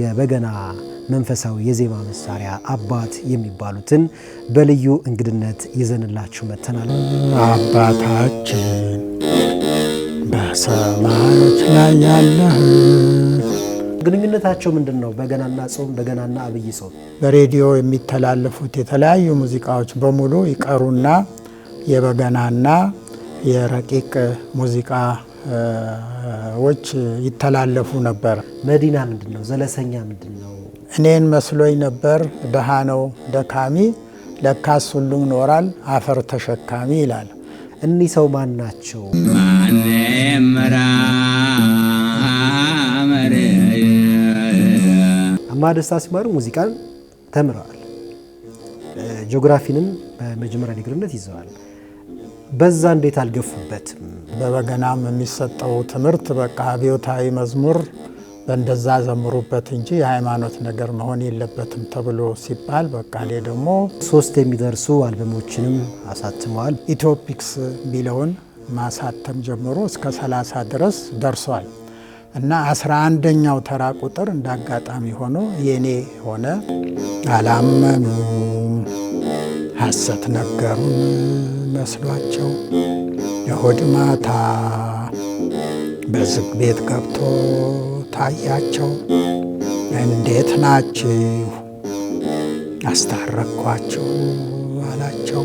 የበገና መንፈሳዊ የዜማ መሳሪያ አባት የሚባሉትን በልዩ እንግድነት ይዘንላችሁ መተናል። አባታችን በሰማዮች ላይ ያለህ ግንኙነታቸው ምንድን ነው? በገናና ጾም፣ በገናና አብይ ጾም። በሬዲዮ የሚተላለፉት የተለያዩ ሙዚቃዎች በሙሉ ይቀሩና የበገናና የረቂቅ ሙዚቃ ዎች ይተላለፉ ነበር። መዲና ምንድን ነው? ዘለሰኛ ምንድን ነው? እኔን መስሎኝ ነበር። ድሃ ነው ደካሚ፣ ለካስ ሁሉም ኖራል አፈር ተሸካሚ ይላል። እኒህ ሰው ማን ናቸው? አማደስታ ደስታ ሲማሩ ሙዚቃን ተምረዋል። ጂኦግራፊንም በመጀመሪያ ዲግሪነት ይዘዋል። በዛ እንዴት አልገፉበትም? በበገናም የሚሰጠው ትምህርት በቃ አብዮታዊ መዝሙር በእንደዛ ዘምሩበት እንጂ የሃይማኖት ነገር መሆን የለበትም ተብሎ ሲባል በቃ ሌ ደግሞ ሶስት የሚደርሱ አልበሞችንም አሳትመዋል። ኢትዮፒክስ የሚለውን ማሳተም ጀምሮ እስከ 30 ድረስ ደርሷል እና 11ኛው ተራ ቁጥር እንደ አጋጣሚ ሆኖ የኔ ሆነ። አላመኑም ሐሰት ነገሩን መስሏቸው እሑድ ማታ በዝግ ቤት ገብቶ ታያቸው። እንዴት ናችሁ? አስታረቅኳችሁ አላቸው።